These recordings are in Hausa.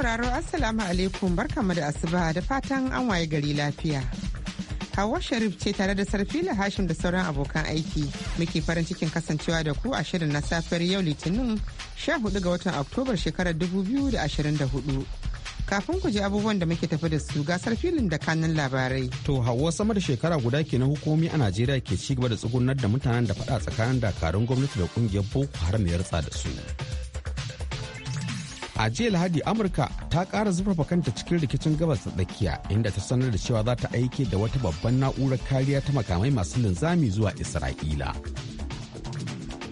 sauraro Assalamu alaikum barkamu da asuba da fatan an waye gari lafiya. Hawa Sharif ce tare da Sarfila Hashim da sauran abokan aiki muke farin cikin kasancewa da ku a shirin na safiyar yau Litinin 14 ga watan Oktobar shekarar 2024. Kafin ku ji abubuwan da muke tafi da su ga sarfilin da kanun labarai. To hawa sama da shekara guda ke na hukumomi a Najeriya ke ci gaba da tsugunar da mutanen da faɗa tsakanin dakarun gwamnati da kungiyar Boko Haram ya da su. a jiya lahadi amurka ta ƙara zurfafa kanta cikin rikicin gabas ta tsakiya inda ta sanar da cewa za ta aike da wata babban na'urar kariya ta makamai masu linzami zuwa isra'ila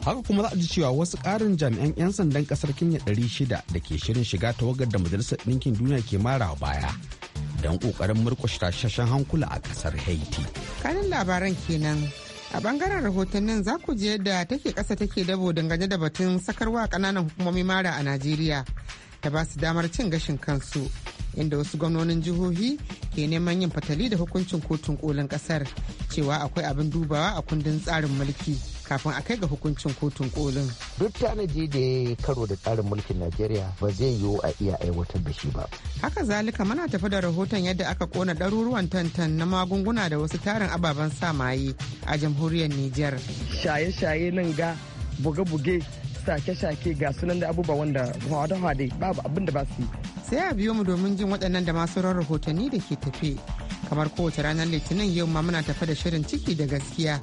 haka kuma za a ji cewa wasu ƙarin jami'an 'yan sandan ƙasar kenya shida da ke shirin shiga tawagar da majalisar ɗinkin duniya ke mara baya don ƙoƙarin murƙushe tashashen hankula a ƙasar haiti kanin labaran kenan a bangaren rahotannin za ku je da take ƙasa take dabo dangane da batun sakarwa ƙananan hukumomi mara a najeriya ta ba su damar cin gashin kansu inda wasu gwamnonin jihohi ke neman yin fatali da hukuncin kotun kolin ƙasar, cewa akwai abin dubawa a kundin tsarin mulki kafin a kai ga hukuncin kotun kolin. Duk tanadi da ya karo da tsarin mulkin Najeriya ba zai yiwu a iya aiwatar da shi ba. Haka zalika muna tafi da rahoton yadda aka kona ɗaruruwan tantan na magunguna da wasu tarin ababen sa maye a jamhuriyar Nijar. Shaye-shaye nan ga buge-buge sake-sake ga sunan da abubuwa wanda hade-hade babu abin da ba su yi. Sai a biyo mu domin jin waɗannan da masu rahotanni da ke tafe. kamar kowace ranar litinin yau ma muna tafe da shirin ciki da gaskiya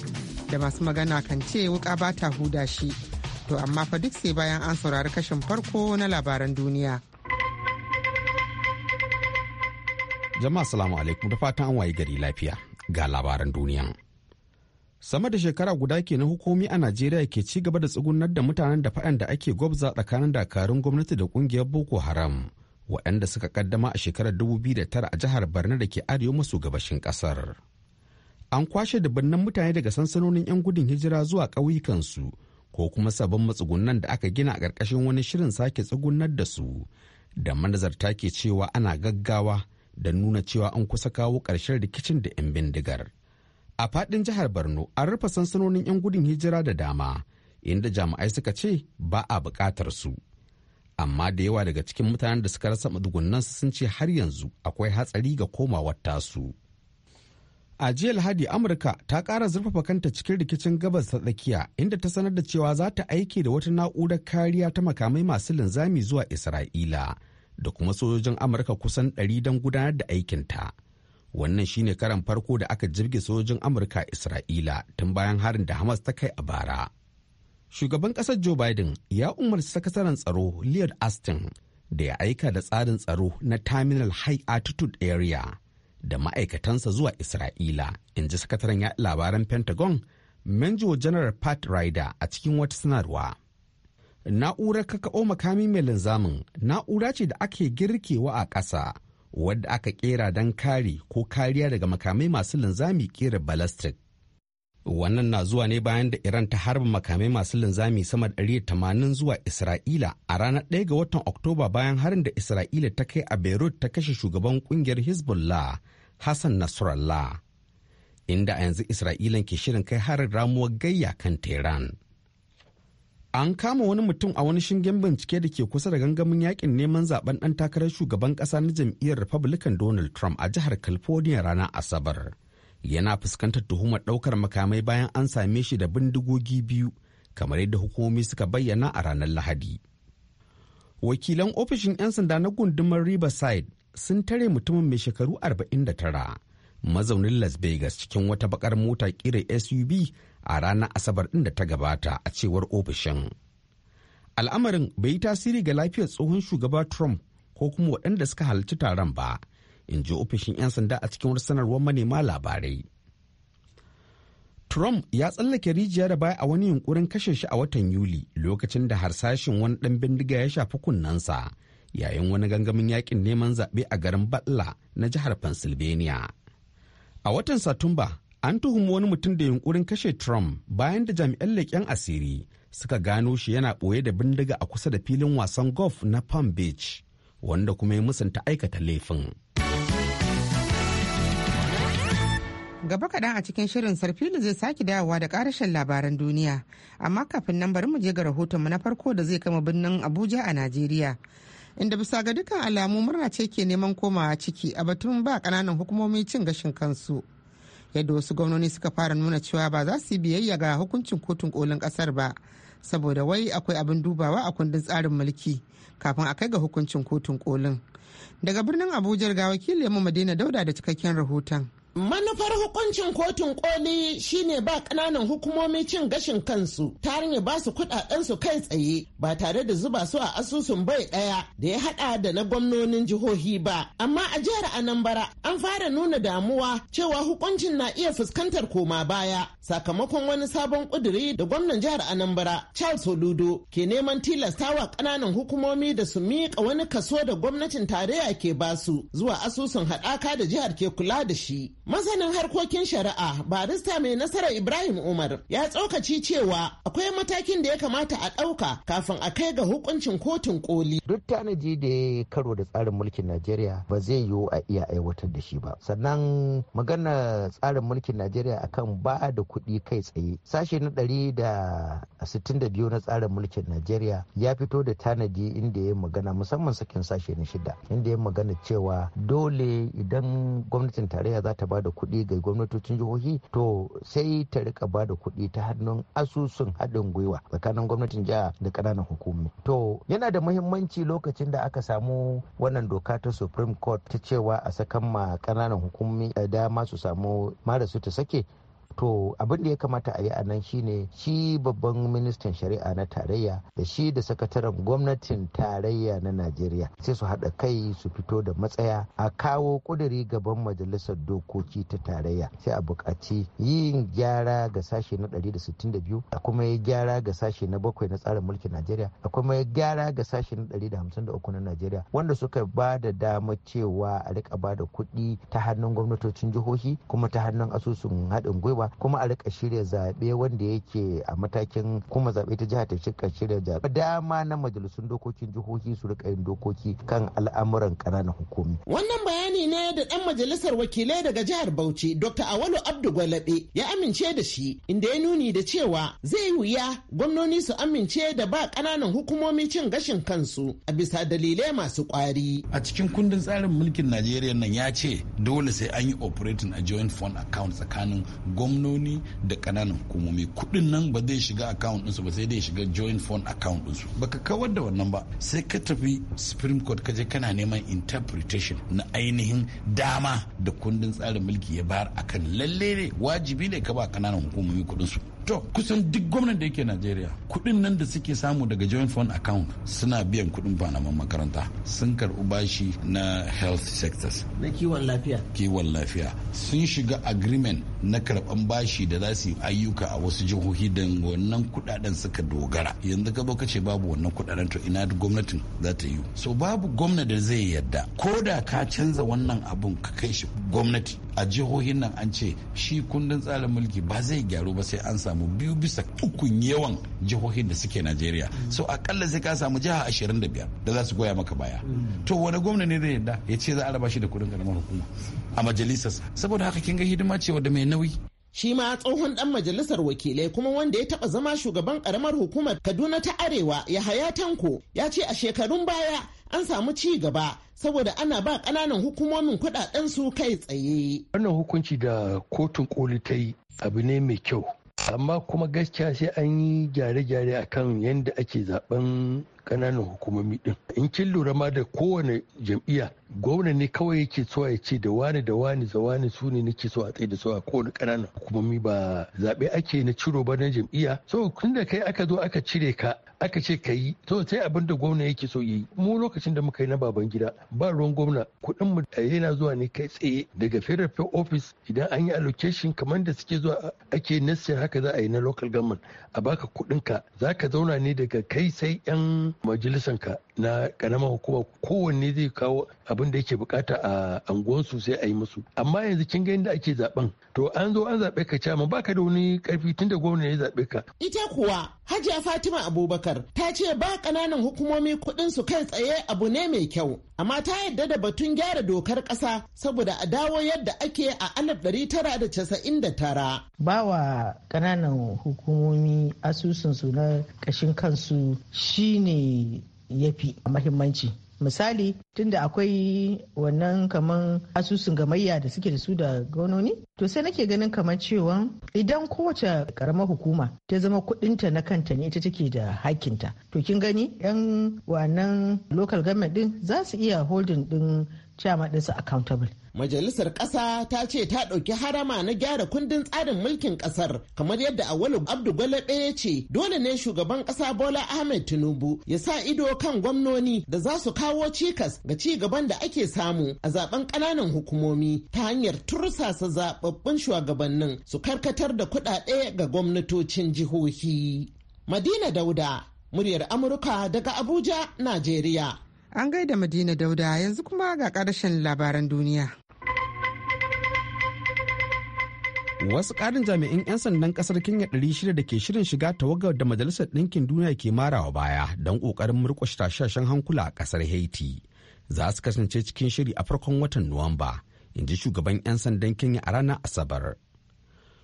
da masu magana kan ce wuka ba ta huda shi to amma fa duk sai bayan an saurari kashin farko na labaran duniya jama'a salamu alaikum da fatan an waye gari lafiya ga labaran duniya sama da shekara guda ke na hukumi a najeriya ke ci gaba da tsugunar da mutanen da faɗan da ake gwabza tsakanin dakarun gwamnati da kungiyar boko haram waɗanda suka kaddama a shekarar 2009 a jihar barna da ke arewa maso gabashin ƙasar an kwashe dubannan mutane daga sansanonin 'yan gudun hijira zuwa ƙauyukansu ko kuma sabon matsugunan da aka gina a ƙarƙashin wani shirin sake tsugunar da su da manazarta ke cewa ana gaggawa da nuna cewa an kusa kawo ƙarshen rikicin da 'yan bindigar a faɗin jihar borno an rufe sansanonin 'yan gudun hijira da dama inda jami'ai suka ce ba a buƙatar su amma da yawa daga cikin mutanen da suka rasa su sun ce har yanzu akwai hatsari ga komawar tasu. A jiya Lahadi Amurka ta ƙara zurfafa kanta cikin rikicin gabas ta tsakiya inda ta sanar da cewa za ta aiki da wata na'urar kariya ta makamai masu linzami zuwa Isra'ila da kuma sojojin Amurka kusan ɗari don gudanar da aikinta. Wannan shine karan farko da aka jirge sojojin Amurka Isra'ila tun bayan harin da Hamas ta kai a bara. Shugaban ƙasar Joe Biden ya umarci sakataren tsaro Lloyd Austin da ya aika da tsarin tsaro na Terminal High Altitude Area da ma'aikatansa zuwa Isra'ila, in ji sakataren ya labaran Pentagon, Manjo General Pat Ryder a cikin wata sanarwa. Na'urar kakao makami mai linzamin na'ura ce da ake girkewa a ƙasa, wadda aka ƙera don kare ko kariya daga makamai masu linzami ƙera balastik wannan na zuwa ne bayan da iran ta harba makamai masu linzami sama da 180 zuwa isra'ila a ranar 1 ga watan oktoba bayan harin da isra'ila ta kai a beirut ta kashe shugaban kungiyar hezbollah hassan nasrallah inda a yanzu isra'ilan ke shirin kai harin ramuwar gayya kan tehran an kama wani mutum a wani shingen bincike da ke kusa da gangamin yakin neman zaben dan takarar shugaban kasa na jam'iyyar republican donald trump a jihar california ranar asabar yana fuskantar tuhumar ɗaukar makamai bayan an same shi da bindigogi biyu kamar yadda hukumomi suka bayyana a ranar lahadi wakilan ofishin 'yan sanda na gundumar riverside sun tare mutumin mai shekaru 49 mazaunin las vegas cikin wata bakar mota kira suv a ranar asabar ɗin da ta gabata a cewar ofishin al'amarin bai yi tasiri ga lafiyar tsohon shugaba trump ko kuma waɗanda suka halarci taron ba in ji ofishin 'yan sanda a cikin sanarwar manema labarai trump ya tsallake rijiya da baya a wani yunkurin kashe shi a watan yuli lokacin da harsashin wani ɗan bindiga ya shafi kunnensa yayin wani gangamin yakin neman zaɓe a garin batla na jihar pennsylvania a watan satumba an tuhumi wani mutum da yunkurin kashe trump bayan da jami'an leƙen asiri suka gano shi yana ɓoye da bindiga a kusa da filin wasan golf na palm beach wanda kuma ya musanta aikata laifin. Gaba kaɗan a cikin shirin sarfilu zai sake dawowa da ƙarashin labaran duniya, amma kafin nan bari mu je ga rahotonmu na farko da zai kama birnin Abuja a Najeriya. Inda bisa ga dukkan alamu murna ce ke neman komawa ciki a batun ba ƙananan hukumomi cin gashin kansu. Yadda wasu gwamnoni suka fara nuna cewa ba za su yi biyayya ga hukuncin kotun kolin ƙasar ba, saboda wai akwai abin dubawa a kundin tsarin mulki kafin a kai ga hukuncin kotun kolin. Daga birnin Abuja ga wakilin mu Madina Dauda da cikakken rahoton. Manufar hukuncin kotun koli shine ba ƙananan hukumomi cin gashin kansu ta hanyar ba su kuɗaɗensu kai tsaye ba tare da zuba su a asusun bai ɗaya da ya haɗa da na gwamnonin jihohi ba. Amma a jihar Anambra an fara nuna damuwa cewa hukuncin na iya fuskantar koma baya sakamakon wani sabon kuduri da gwamnan jihar Anambra Charles Oludo ke neman tilastawa ƙananan hukumomi da su miƙa wani kaso da gwamnatin tarayya ke basu zuwa asusun haɗaka da jihar ke kula da shi. Masanin harkokin shari'a barista mai nasarar Ibrahim Umar ya tsokaci cewa akwai matakin da ya kamata a ɗauka kafin a kai ga hukuncin kotun koli. Duk tanaji da ya karo da tsarin mulkin Najeriya ba zai yiwu a iya aiwatar da shi ba. Sannan magana tsarin mulkin Najeriya akan ba da kuɗi kai tsaye. Sashe na ɗari da sittin da biyu na tsarin mulkin Najeriya ya fito da tanaji inda ya magana musamman sakin sashe na shida inda ya magana cewa dole idan gwamnatin tarayya za ta ba ba da kuɗi ga gwamnatocin jihohi to sai ta rika ba da kuɗi ta hannun asusun haɗin gwiwa tsakanin gwamnatin jiha da ƙananan hukumomi to yana da muhimmanci lokacin da aka samu wannan doka ta supreme court ta cewa a sakan ma ƙananan hukumomi eh, dama su samu mara su ta sake to abin da ya kamata a yi a nan shine shi babban ministan shari'a na tarayya da shi da sakataren gwamnatin tarayya na najeriya sai su haɗa kai su fito da matsaya a kawo ƙuduri gaban majalisar dokoki ta tarayya sai a buƙaci yin gyara ga sashe na 162 da kuma ya gyara ga sashe na bakwai na tsarin mulkin najeriya a kuma ya gyara ga sashe na 153 na najeriya wanda suka ba da dama cewa a rika ba da kuɗi ta hannun gwamnatocin jihohi kuma ta hannun asusun haɗin gwiwa kuma a rika shirya zaɓe wanda yake a matakin kuma zaɓe ta jiha ta shirka shirya zaɓe dama na majalisun dokokin jihohi su rika yin dokoki kan al'amuran ƙananan hukumi. Wannan bayani ne da ɗan majalisar wakilai daga jihar Bauchi Dr. Awalu Abdu Gwalabe ya amince da shi inda ya nuni da cewa zai wuya gwamnoni su amince da ba ƙananan hukumomi cin gashin kansu a bisa dalilai masu ƙwari. A cikin kundin tsarin mulkin Najeriya nan ya ce dole sai an yi operating a joint fund account tsakanin gwamnati gwamnoni da kananan hukumomi kuɗin nan ba zai shiga account ɗinsu ba sai dai shiga joint fund account ɗinsu ka kawar da wannan ba sai ka tafi supreme court ka je kana neman interpretation na ainihin dama da kundin tsarin mulki ya bayar akan lalle ne wajibi ne ka ba kananan hukumomi kuɗin su to kusan duk gwamnan da yake najeriya kuɗin nan da suke samu daga joint fund account suna biyan kuɗin fanaman makaranta sun karbi bashi na health sectors na kiwon lafiya kiwon lafiya sun shiga agreement na karɓar bashi da za su yi ayyuka a wasu jihohi don wannan kuɗaɗen suka dogara yanzu ka ka ce babu wannan kuɗaɗen to ina gwamnatin za ta yi so babu gwamna da zai yadda ko da ka canza wannan abun ka kai shi gwamnati a jihohin nan an ce shi kundin tsarin mulki ba zai gyaru ba sai an samu biyu bisa ukun yawan jihohin da suke najeriya so akalla sai ka samu jiha ashirin da biyar da za su goya maka baya to wani gwamna ne da yadda ya ce za a raba shi da kudin karamar hukuma a majalisar saboda haka kin ga hidima ce da mai nauyi shi ma tsohon dan majalisar wakilai kuma wanda ya taba zama shugaban karamar hukumar kaduna ta arewa yahaya tanko ya ce a shekarun baya an samu ci gaba saboda ana ba ƙananan hukumomin kuɗaɗen su kai tsaye. Wannan hukunci da kotun koli ta yi abu ne mai kyau. Amma kuma gaskiya sai an yi gyare-gyare a kan yadda ake zaben ƙananan hukumomi ɗin. In kin lura ma da kowane jam'iyya gwamna ne kawai yake so ya ce da wani da wani za wani su ne nake so a tsaye da su a kowane ƙananan hukumomi ba zaɓe ake na ciro ba na jam'iyya. So tun da kai aka zo aka cire ka aka ce ka yi to sai abin da gwamna yake so yi mu lokacin da muka yi na baban gida ba ruwan gwamna kuɗin mu yana zuwa ne kai tsaye daga federal pay office idan an yi allocation kamar da suke zuwa ake nasi haka za a yi na local government a baka kuɗin ka za ka zauna ne daga kai sai yan majalisan ka na karamar hukuma kowanne zai kawo abin da yake bukata a anguwansu sai a yi musu amma yanzu kin ga inda ake zaben to an zo an zaɓe ka ba baka da wani karfi tun da gwamna ya zaɓe ka. ita kuwa hajiya fatima abubakar ta ce ba ƙananan hukumomi kuɗin su kai tsaye abu ne mai kyau amma ta yadda da batun gyara dokar ƙasa saboda a dawo yadda ake a alif ɗari tara da casa'in da tara. ba wa ƙananan hukumomi asusun su na ƙashin kansu shine ya fi mahimmanci misali tunda akwai wannan kamar asusun gamayya da suke da su da gononi to sai nake ganin kamar cewa idan kowace karamar hukuma ta zama kudinta na kanta ne ita take da hakinta to kin gani yan wannan local government din za su iya holding din chairman ɗinsu accountable. Majalisar ƙasa ta ce ta ɗauki harama na gyara kundin tsarin mulkin ƙasar kamar yadda Awalu Abdu Gwalaɓe ya ce dole ne shugaban ƙasa Bola Ahmed Tinubu ya sa ido kan gwamnoni da za su kawo cikas ga ci gaban da ake samu a zaben ƙananan hukumomi ta hanyar tursasa zaɓaɓɓun shugabannin su karkatar da kuɗaɗe ga gwamnatocin jihohi. Madina Dauda, muryar Amurka daga Abuja, Najeriya. An gaida Madina Dauda yanzu kuma ga ƙarshen labaran duniya. Wasu ƙarin jami'in 'yan sandan ƙasar Kenya 600 da ke shirin shiga tawagar da Majalisar Ɗinkin Duniya ke marawa baya don ƙoƙarin murƙushe tashashen hankula a ƙasar Haiti. Za su kasance cikin shiri a farkon watan Nuwamba, in ji shugaban 'yan sandan Kenya a ranar Asabar.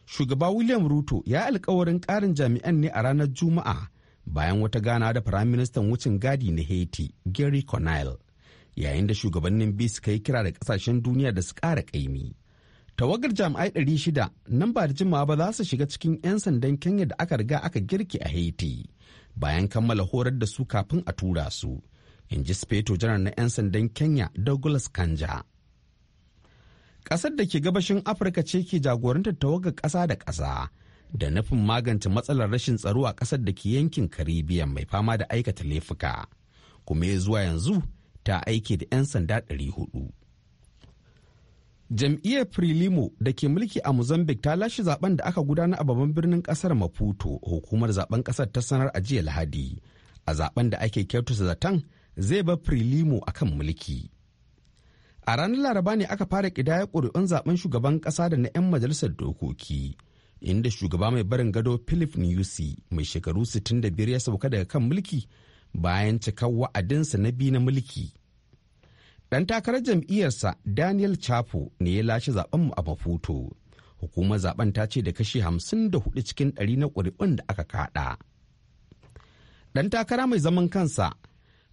Shugaba William Ruto ya alkawarin ƙarin jami'an ne a ranar Juma'a bayan wata gana da firaministan wucin gadi na haiti gary conail yayin da shugabannin biyu suka yi kira da kasashen duniya da su ƙara ƙaimi tawagar jami'ai shida nan ba da jimawa ba za su shiga cikin 'yan sandan kenya da aka riga aka girki a haiti bayan kammala horar da su kafin a tura su in ji speto janar na 'yan sandan kenya douglas kanja ƙasar da ke gabashin afirka ce ke jagorantar tawagar ƙasa da ƙasa da nufin magance matsalar rashin tsaro a ƙasar da ke yankin karibiyan mai fama da aikata laifuka kuma ya zuwa yanzu ta aiki da 'yan sanda 400 jam'iyyar frelimo da ke mulki a mozambique ta lashe zaben da aka gudana a babban birnin ƙasar maputo hukumar zaben ƙasar ta sanar a jiya lahadi a zaben da ake kyautata zaton zai bar frelimo akan mulki a ranar laraba ne aka fara ƙidaya ƙuri'un zaben shugaban ƙasa da na 'yan majalisar dokoki inda shugaba mai barin gado philip nyusi mai shekaru 65 ya sauka daga kan mulki bayan cikar wa'adinsa na biyu na mulki ɗan takarar jam'iyyarsa daniel chapo ne ya lashe zaben mu a maputo hukumar zaben ta ce da kashi 54 cikin 100 na ƙuri'un da aka kada ɗan takara mai zaman kansa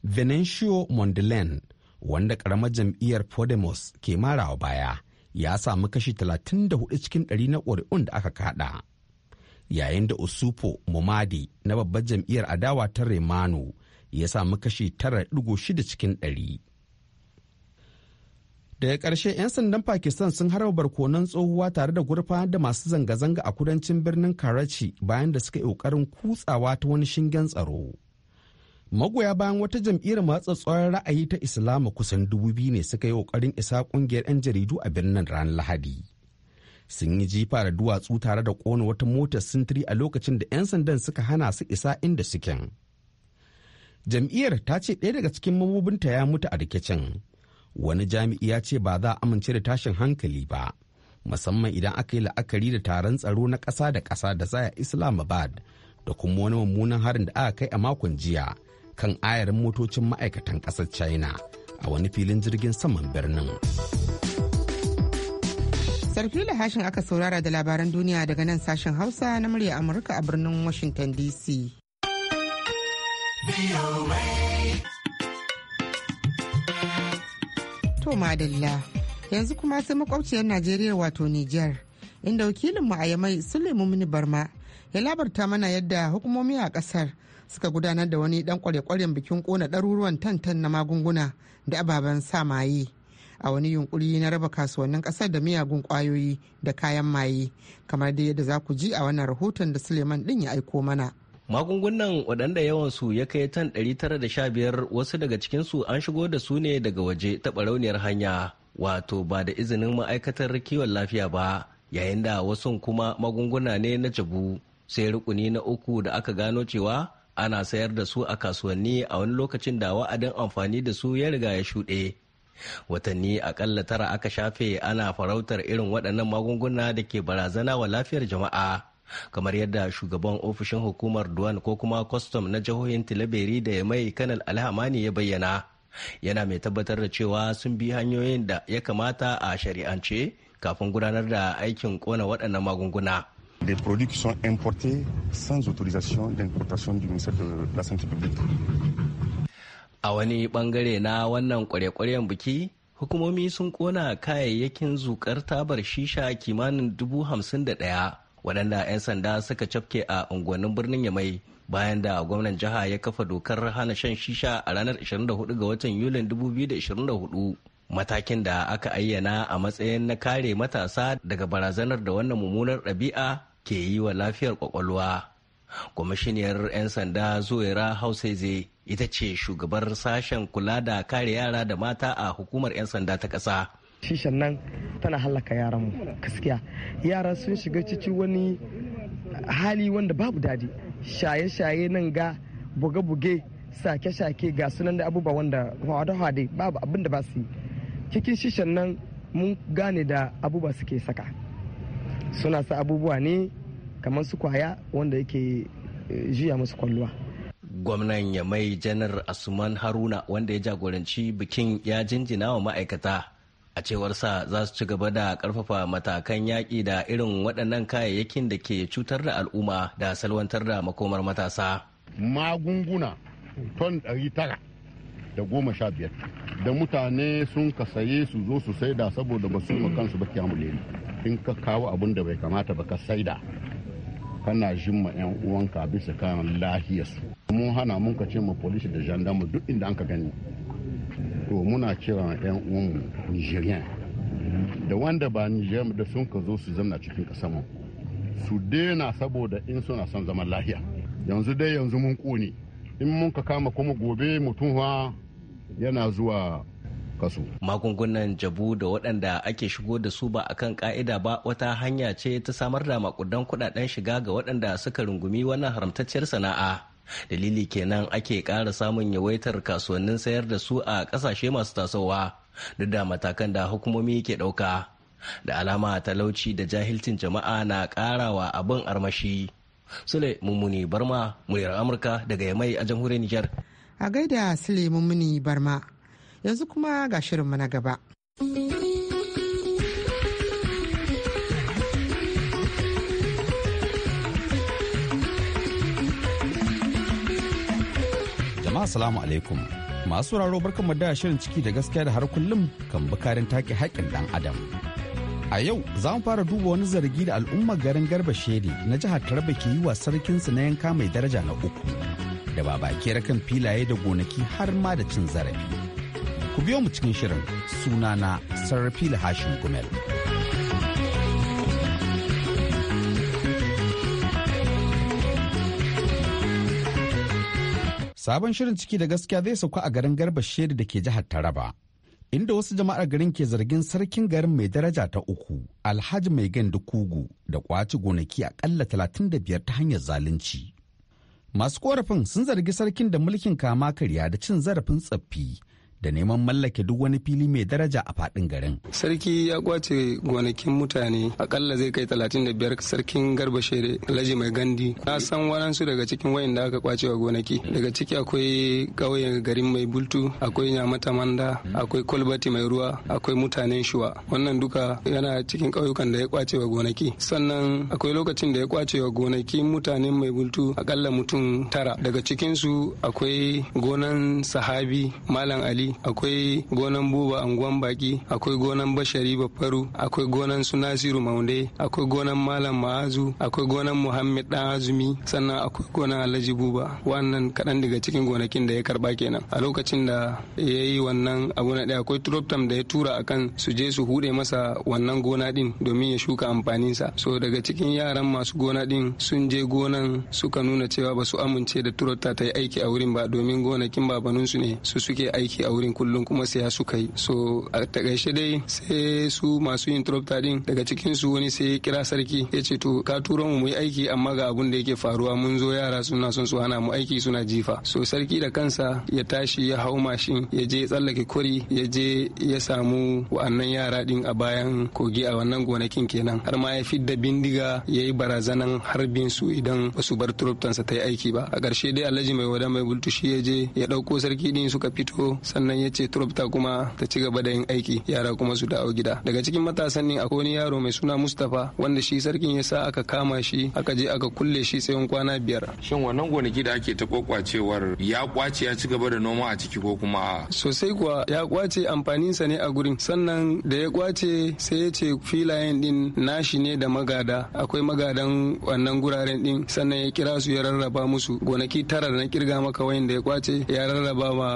venancio mondelain wanda ƙaramar jam'iyyar podemos ke marawa baya ya samu kashi 34 cikin 100 na ƙuri'un da aka kada. Yayin da Usufo Momadi na babbar jam'iyyar adawa ta Remano ya samu kashi 9.6 cikin 100. Daga ƙarshe 'yan sandan Pakistan sun harba barkonon tsohuwa tare da gurfa da masu zanga-zanga a kudancin birnin Karachi bayan da suka yi ƙoƙarin kutsawa ta wani shingen tsaro. magoya bayan wata jam'iyyar matsatsuwar ra'ayi ta islama kusan dubu biyu ne suka yi ƙoƙarin isa ƙungiyar 'yan jaridu a birnin ranar lahadi sun yi jifa da duwatsu tare da ƙona wata motar sintiri a lokacin da 'yan sandan suka hana su isa inda suken jam'iyyar ta ce ɗaya daga cikin mambobinta ya mutu a rikicin wani jami'i ya ce ba za a amince da tashin hankali ba musamman idan aka yi la'akari da taron tsaro na ƙasa da ƙasa da za a islamabad da kuma wani mummunan harin da aka kai a makon jiya kan ayarin motocin ma'aikatan ƙasar china a wani filin jirgin saman birnin sarfila hashin aka saurara da labaran duniya daga nan sashen hausa na murya amurka a birnin washington dc to madalla yanzu kuma sai makwabciyar najeriya wato niger inda wakilinmu a yamai suleiman barma ya labarta mana yadda hukumomi a kasar suka gudanar da wani dan kwale-kwalen bikin kona ɗaruruwan tantan na magunguna da ababen sa maye a wani yunkuri na raba kasuwannin ƙasar da miyagun kwayoyi da kayan maye kamar da yadda za ku ji a wannan rahoton da suleiman din ya aiko mana magungunan waɗanda yawansu ya kai tan 915 wasu daga cikinsu an shigo da su ne daga waje ta barauniyar hanya wato ba da izinin ma'aikatar kiwon lafiya ba yayin da wasu kuma magunguna ne na jabu sai rukuni na uku da aka gano cewa ana sayar da su a kasuwanni a wani lokacin da wa'adin amfani da su ya riga ya shuɗe watanni akalla tara aka shafe ana farautar irin waɗannan magunguna da ke barazana wa lafiyar jama'a kamar yadda shugaban ofishin hukumar duwan ko kuma kwastam na jihohin tilaberi da ya mai kanal alhamani ya bayyana yana mai tabbatar da cewa sun bi hanyoyin da ya kamata a shari'ance kafin gudanar da aikin kona waɗannan magunguna. des produits qui sont importés sans autorisation d'importation du ministère de la Santé publique. A wani bangare na wannan kware biki, hukumomi sun kona kayayyakin zukar tabar shisha kimanin dubu hamsin da ɗaya waɗanda 'yan sanda suka cafke a unguwannin birnin Yamai bayan da gwamnan jiha ya kafa dokar hana shan shisha a ranar 24 ga watan Yulin 2024. matakin da aka ayyana a matsayin na kare matasa daga barazanar da wannan mummunar ɗabi'a ke yi wa lafiyar kwakwalwa. Kwamishiniyar 'yan sanda Zuwaira Hausaize ita ce shugabar sashen kula da kare yara da mata a hukumar 'yan sanda ta kasa. Shishan nan tana hallaka yaran mu gaskiya. Yara sun shiga cikin wani hali wanda babu daɗi. Shaye-shaye nan ga buge-buge sake-sake ga sunan da abubuwa wanda hwade-hwade babu abin da ba su yi. Cikin shishan nan mun gane da abubuwa suke saka. suna sa abubuwa ne kamar su kwaya wanda yake eh, jiya musu kwalluwa gwamnan ya mai janar asuman haruna wanda ya jagoranci bikin ya jinjina wa ma'aikata a cewar sa za su ci gaba da karfafa matakan yaƙi da irin waɗannan kayayyakin da ke cutar da al'umma da salwantar da makomar matasa magunguna ton 900 da goma sha biyar da mutane sun kasaye su zo su saida saboda ba su kansu ba lele in ka kawo abin da bai kamata ba ka saida kana jin ma 'yan uwanka bisa kan lahiyarsu mun hana mun ka ce ma polisi da jandamu duk inda an ka gani to muna ma 'yan uwan nigerian da wanda ba nigerian da sun ka zo su zamna cikin kasanmu su daina saboda in suna son zaman lahiya yanzu dai yanzu mun kone in mun ka kama kuma gobe mutum yana zuwa kasu. Magungunan jabu da waɗanda ake shigo da su ba akan ka'ida ba wata hanya ce ta samar da makudan kuɗaɗen shiga ga waɗanda suka rungumi wannan haramtacciyar sana'a. Dalili kenan ake ƙara samun yawaitar kasuwannin sayar da su a ƙasashe masu tasowa duk da matakan da hukumomi ke ɗauka. Da alama talauci da jahilcin jama'a na ƙarawa abin armashi. Sule Mummuni Barma, muryar Amurka daga Yamai a jamhuriyar Nijar. A gaida Sule Mummuni Barma. yanzu kuma ga shirinmu na gaba. jama'a salamu alaikum masu raro barkanmu da shirin ciki da gaskiya da har kullum kan bukarin take haƙƙin dan adam a yau za mu fara duba wani zargi da al'umma garin garba shedi na jihar taraba ke yi wa sarkin su na yanka mai daraja na uku da ba bakiyar kan filaye da gonaki har ma da cin zarafi Ku biyo mu cikin shirin sunana Sarrafi Hashim Gumel. Sabon shirin ciki da gaskiya zai sauka a garin Garba Shedi da ke jihar Taraba. Inda wasu jama'ar garin ke zargin sarkin garin mai daraja ta uku, Alhaji mai gandu kugu da kwaci gonaki da biyar ta hanyar zalunci. Masu korafin sun zargi sarkin da mulkin kama karya da cin zarafin tsaffi da neman mallake duk wani fili mai daraja a faɗin garin. Sarki ya kwace gonakin mutane akalla zai kai 35 sarkin garba shere laji mai gandi. Na san waransu daga cikin wayan da aka kwace wa gonaki. Daga ciki akwai ƙauyen garin mai bultu, akwai nyamata manda, akwai kolbati mai ruwa, akwai mutanen shuwa. Wannan duka yana cikin ƙauyukan da ya kwace wa gonaki. Sannan akwai lokacin da ya kwace wa gonakin mutanen mai bultu akalla mutum tara. Daga cikinsu akwai gonan sahabi Malam Ali akwai gonan buba anguwan baki akwai gonan bashari bafaru akwai gonan su nasiru maunde akwai gonan malam ma'azu akwai gonan muhammed dan azumi sannan akwai gonan alhaji buba wannan kadan daga cikin gonakin da ya karba kenan a lokacin da ya yi wannan abu na ɗaya akwai turoptam da ya tura akan su je su hude masa wannan gona din domin ya shuka amfaninsa so daga cikin yaran masu gona din sun je gonan suka nuna cewa ba su amince da turopta ta yi aiki a wurin ba domin gonakin babanunsu ne su suke aiki a wurin kullum kuma siya suka yi so a takaice dai sai su masu yin tropta din daga cikin su wani sai kira sarki ya ce to ka turo mu yi aiki amma ga abun da yake faruwa mun zo yara suna son su hana mu aiki suna jifa so sarki da kansa ya tashi ya hau mashin ya je tsallake kwari ya je ya samu wa'annan yara din a bayan kogi a wannan gonakin kenan har ma ya fidda bindiga ya yi barazanan harbin su idan ba su bar turoptansa ta yi aiki ba a ƙarshe dai alhaji mai wada mai bultu ya je ya ɗauko sarki din suka fito sannan sannan ya ce turabta kuma ta ci gaba da yin aiki yara kuma su dawo gida daga cikin matasan ne akwai wani yaro mai suna mustapha wanda shi sarkin ya sa aka kama shi aka je aka kulle shi tsayin kwana biyar shin wannan gonaki da ake ta kwakwacewar ya kwace ya ci gaba da noma a ciki ko kuma sosai kuwa ya kwace amfaninsa ne a gurin sannan da ya kwace sai ya ce filayen din nashi ne da magada akwai magadan wannan guraren din sannan ya kira su ya rarraba musu gonaki tara na kirga maka wayan da ya kwace ya rarraba ma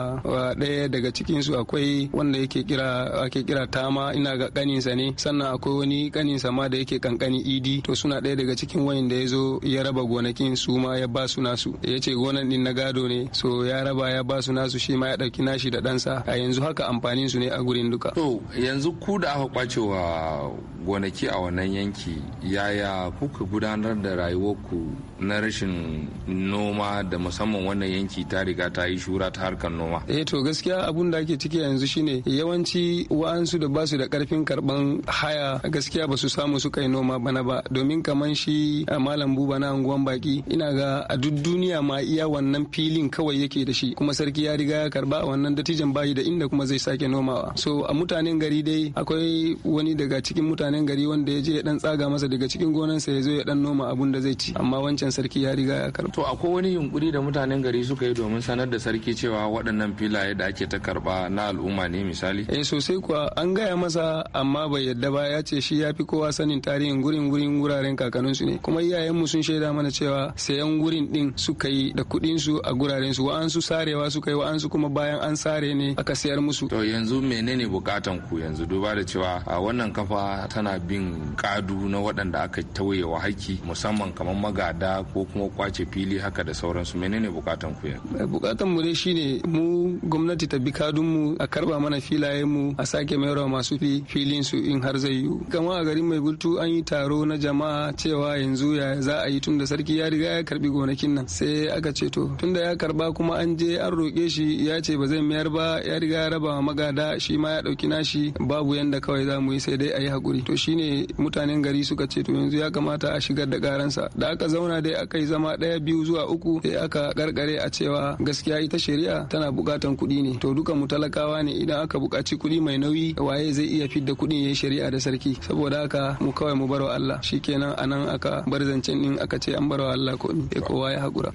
daya daga daga cikinsu akwai wanda yake kira ake kira tama ina ga kaninsa ne sannan akwai wani kaninsa ma da yake kankani idi to suna ɗaya daga cikin wayan da ya zo ya raba gonakin su ma ya ba su nasu ya ce gonan din na gado ne so ya raba ya ba su nasu shi ma ya ɗauki nashi da ɗansa a yanzu haka amfanin su ne a gurin duka. to yanzu ku da aka kwacewa gonaki a wannan yanki yaya kuka gudanar da rayuwarku na rashin noma da musamman wannan yanki ta riga ta yi shura ta harkar noma. eh to gaskiya abun da ake ciki yanzu shine yawanci wa'ansu da basu da karfin karban haya gaskiya ba su samu su kai noma bana ba domin kaman shi a malam buba na unguwan baki ina ga a duk duniya ma iya wannan filin kawai yake da shi kuma sarki ya riga ya karba wannan dattijan bayi da inda kuma zai sake nomawa so a mutanen gari dai akwai wani daga cikin mutanen gari wanda ya je ya dan tsaga masa daga cikin gonan sa ya zo ya dan noma abun da zai ci amma wancan sarki ya riga ya karba to akwai wani yunkuri da mutanen gari suka yi domin sanar da sarki cewa waɗannan filaye da ake ta karba na al'umma ne misali eh sosai kuwa an gaya masa amma bai yadda ba ya ce shi ya fi kowa sanin tarihin gurin gurin wuraren kakannin su ne kuma iyayen mu sun shaida mana cewa sayan gurin din suka yi da kuɗin su a guraren su wa'ansu sarewa suka yi wa'ansu kuma bayan an sare ne aka sayar musu to yanzu menene bukatan ku yanzu duba da cewa a wannan kafa tana bin kadu na waɗanda aka wa haƙƙi musamman kamar magada ko kuma kwace fili haka da sauransu menene bukatan ku yanzu bukatan mu dai shine mu gwamnati ta bi jikadunmu a karba mana filayen mu a sake mayar wa masu filin su in har zai yiwu kama a garin mai gultu an yi taro na jama'a cewa yanzu ya za a yi tun da sarki ya riga ya karbi gonakin nan sai aka ce to tun da ya karba kuma an je an roƙe shi ya ce ba zai mayar ba ya riga ya raba magada shi ma ya ɗauki nashi babu yanda kawai za mu yi sai dai a yi haƙuri to shine mutanen gari suka ce to yanzu ya kamata a shigar da karansa da aka zauna dai aka yi zama ɗaya biyu zuwa uku sai aka karkare a cewa gaskiya ita shari'a tana bukatan kuɗi ne to duka mu talakawa ne idan aka buƙaci kuɗi mai nauyi waye zai iya fidda kuɗin yayi shari'a da sarki saboda haka mu kawai mu barwa Allah shikenan anan aka bar zancen din aka ce an barwa Allah ko ni kowa ya haƙura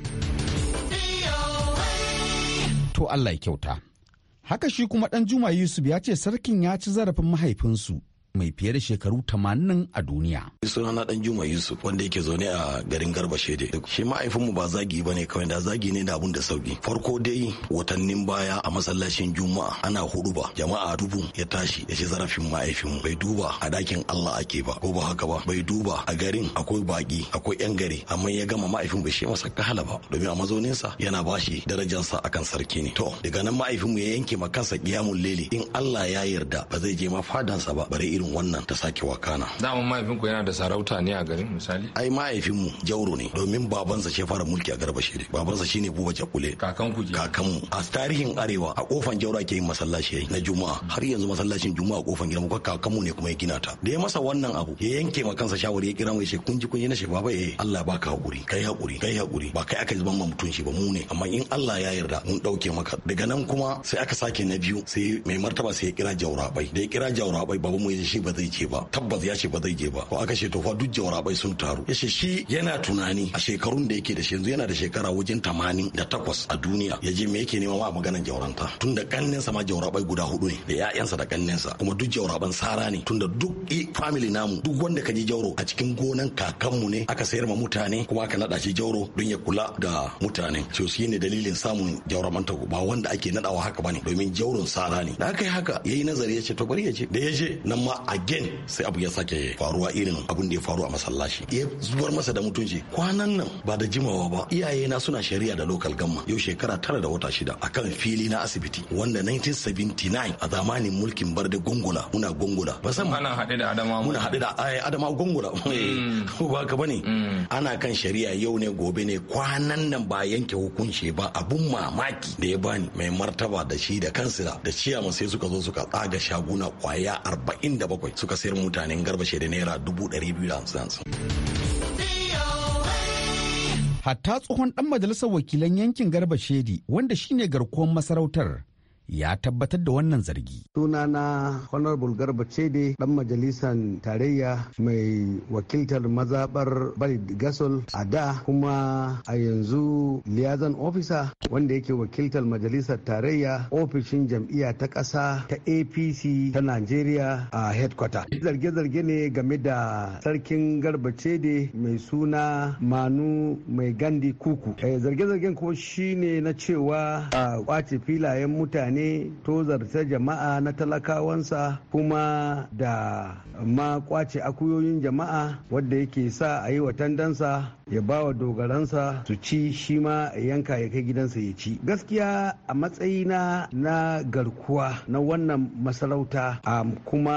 to Allah ya kyauta haka shi kuma dan Juma Yusuf ya ce sarkin ya ci zarafin mahaifinsu mai fiye da shekaru 80 a duniya. Sunana dan Juma Yusuf wanda yake zaune a garin Garba Shede. Shi mu ba zagi bane kawai da zagi ne da abun da sauki. Farko dai watannin baya a masallacin Juma'a ana ba. jama'a dubu ya tashi ya ce zarafin ma'aifinmu bai duba a dakin Allah ake ba ko ba haka ba bai duba a garin akwai baki akwai yan gari amma ya gama ma'aifin bai shi masa kahala ba domin a mazauninsa yana bashi darajarsa akan sarki ne. To daga nan mu ya yanke ma kansa kiyamul leli in Allah ya yarda ba zai je ma fadansa ba bare irin irin wannan ta sake wakana daman mahaifinku yana da sarauta ne a garin misali ai mahaifinmu jauro ne domin babansa ce fara mulki a garba shi babansa shine buba jakule kakanku kakanmu a tarihin arewa a kofan jaura ke yin masallaci na juma'a har yanzu masallacin juma'a kofan gidan kuka kakanmu ne kuma ya gina ta da ya masa wannan abu ya yanke ma kansa shawari ya kira mai shi kun ji kun yi na shi baba eh Allah baka hakuri kai hakuri kai hakuri ba kai aka zuban ma mutum shi ba mu ne amma in Allah ya yarda mun dauke maka daga nan kuma sai aka sake na biyu sai mai martaba sai ya kira bai. da ya kira bai babu mu shi ce ba zai je ba tabbas ya ce ba zai je ba ko aka ce to fa duk jawarabai sun taru ya shi yana tunani a shekarun da yake da shi yanzu yana da shekara wajen tamanin da takwas a duniya ya je me yake nema ma maganar jawaranta tun da kanninsa ma jawarabai guda hudu ne da ya'yansa da kanninsa kuma duk jawaraban sara ne tun da duk family namu duk wanda ka ji jauro a cikin gonan kakanmu ne aka sayar ma mutane kuma aka nada shi jauro don ya kula da mutane so shi ne dalilin samun jauramanta ba wanda ake nadawa haka bane domin jauron sara ne da aka yi haka yayi nazari ya ce to bari ya je da ya je nan ma a again sai abu ya sake faruwa irin abun da ya faru a masallaci ya zuwar masa da mutunci kwanan nan ba da jimawa ba iyaye na suna shari'a da local gamma yau shekara tara da wata shida akan fili na asibiti wanda 1979 a zamanin mulkin barde gongola muna gongola ba san ana hade da adama muna hade da eh, adama gongola mm. eh, ba ka bane mm. ana kan shari'a yau ne gobe ne kwanan nan ba yanke hukunci ba abun mamaki da ya bani mai martaba da shi da kansila da ciyaman sai suka zo suka tsaga shaguna kwaya arba'in da bakwai suka sayar mutanen garba da naira dubu ɗari biyu da hamsin hatta tsohon ɗan majalisar wakilan yankin garba shedi wanda shine garkuwar masarautar ya tabbatar da wannan zargi. Sunana Honorable Garba Cede dan majalisan tarayya mai wakiltar mazabar Balid Gasol a da kuma a yanzu liyazan ofisa wanda yake wakiltar majalisar tarayya ofishin jam'iyya ta ƙasa ta APC ta Najeriya a headquarter. Zarge-zarge ne game da sarkin Garba Cede mai suna Manu mai Gandi Kuku. Eh, zarge-zargen kuma shine na cewa a kwace filayen mutane mutane tozarta jama'a na talakawansa kuma da ma kwace akuyoyin jama'a wadda yake sa a yi wa watandansa ya ba wa dogaransa su ci shi ma yanka ya kai gidansa ya ci gaskiya a matsayina na garkuwa na wannan masarauta a kuma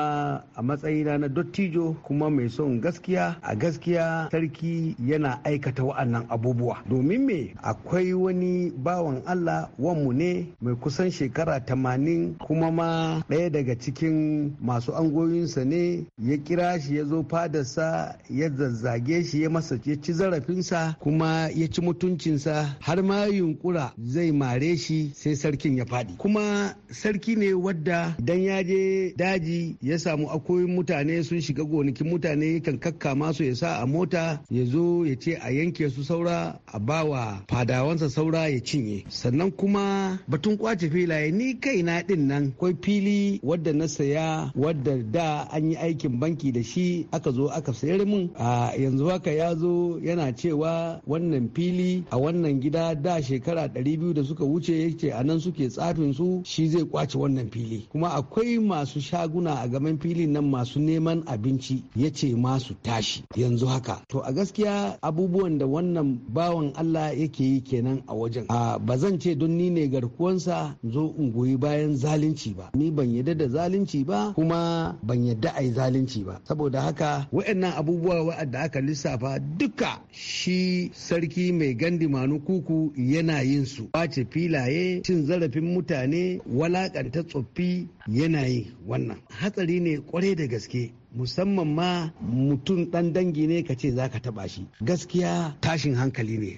a matsayina na dottijo kuma mai son gaskiya a gaskiya sarki yana aikata wa'annan abubuwa domin me akwai wani bawan allah wanmu ne mai kusan shekara shekara tamanin kuma ma ɗaya daga cikin masu angoyinsa ne ya kira shi ya zo fadarsa ya zazzage shi ya masa ya ci zarafinsa kuma ya ci mutuncinsa har ma yunkura zai mare shi sai sarkin ya faɗi kuma sarki ne wadda dan ya je daji ya samu akoyin mutane sun shiga gonakin mutane kan kakkama su ya sa a mota ya zo ya ce a yanke su saura a bawa fadawansa saura ya cinye sannan kuma batun kwace filaye ni kaina din nan kwai fili wadda na saya wadda da an yi aikin banki da shi aka zo aka sayar min a yanzu haka ya zo yana cewa wannan fili a wannan gida da shekara 200 da suka wuce yake a nan suke tsafin su shi zai kwace wannan fili kuma akwai masu shaguna a gaban fili nan masu neman abinci ya ce masu tashi yanzu haka to a gaskiya abubuwan da wannan bawan Allah yake yi kenan a wajen ba zan ce don ni ne garkuwansa zo in goyi bayan zalunci ba ni ban yadda da zalunci ba kuma ban yadda a yi zalunci ba saboda haka wa'annan abubuwa wa'adda aka lissafa duka shi sarki mai gandi manu kuku yana yin su ɓace filaye cin zarafin mutane walakanta tsoffi yana yi wannan hatsari ne kwarai da gaske musamman ma mutum ɗan dangi ne ka ce za ka taɓa shi gaskiya tashin hankali ne.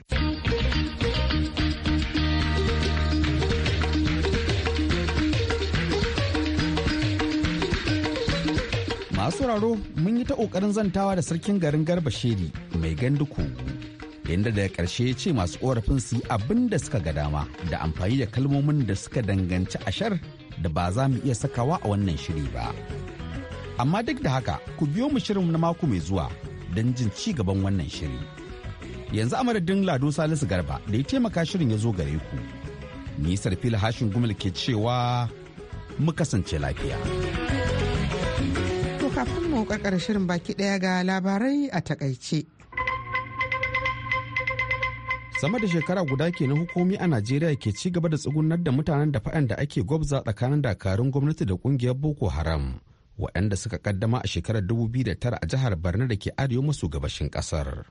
masu sauraro mun yi ta ƙoƙarin zantawa da sarkin garin garba shedi mai ganduku yanda daga ƙarshe ya ce masu ƙorafin su yi abin da suka ga dama da amfani da kalmomin da suka danganci ashar da ba za mu iya sakawa a wannan shiri ba amma duk da haka ku biyo mu shirin na mako mai zuwa don jin ci gaban wannan shiri yanzu a madadin lado salisu garba da ya taimaka shirin ya zo gare ku nisar fil hashin gumal ke cewa mu kasance lafiya. kafin mu karkar shirin baki daya ga labarai a takaice. sama da shekara guda ke na hukumi a najeriya ke ci gaba da tsugunar da mutanen da faɗan da ake gwabza tsakanin dakarun gwamnati da kungiyar boko haram waɗanda suka kaddama a shekarar 2009 a jihar barna da ke arewa maso gabashin ƙasar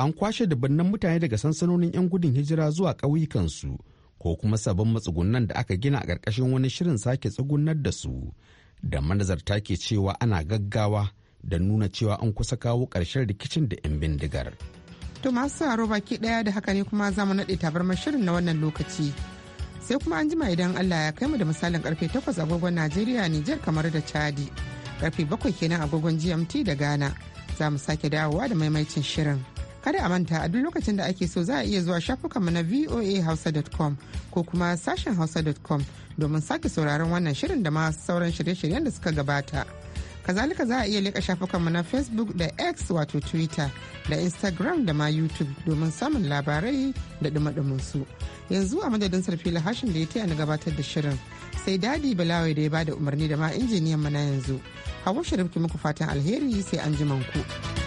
an kwashe dubunnan mutane daga sansanonin 'yan gudun hijira zuwa ƙauyukansu ko kuma sabon matsugunan da aka gina a ƙarƙashin wani shirin sake tsugunar da su da manazarta ke cewa ana gaggawa da nuna cewa an kusa kawo ƙarshen rikicin da 'yan bindigar. To masu saro baki ɗaya da haka ne kuma zamu mu naɗe tabarmar shirin na wannan lokaci. Sai kuma an jima idan Allah ya kai mu da misalin karfe 8 agogon Najeriya, Nijar kamar da Chadi. Karfe 7 kenan agogon GMT da Ghana. Za mu sake dawowa da maimaicin shirin. Kada a manta a duk lokacin da ake so za a iya zuwa shafukanmu na voahausa.com ko kuma sashen hausa.com domin sake sauraron wannan shirin da ma sauran shirye-shiryen da suka gabata. Kazalika za a iya leƙa shafukanmu na Facebook da X wato Twitter da Instagram da ma YouTube domin samun labarai da dumadumin su. Yanzu a madadin sarfila hashin da ya taya na gabatar da shirin sai dadi balawai da ya bada umarni da ma injiniyan mu na yanzu. Hawa Sharif ki muku fatan alheri sai an ku.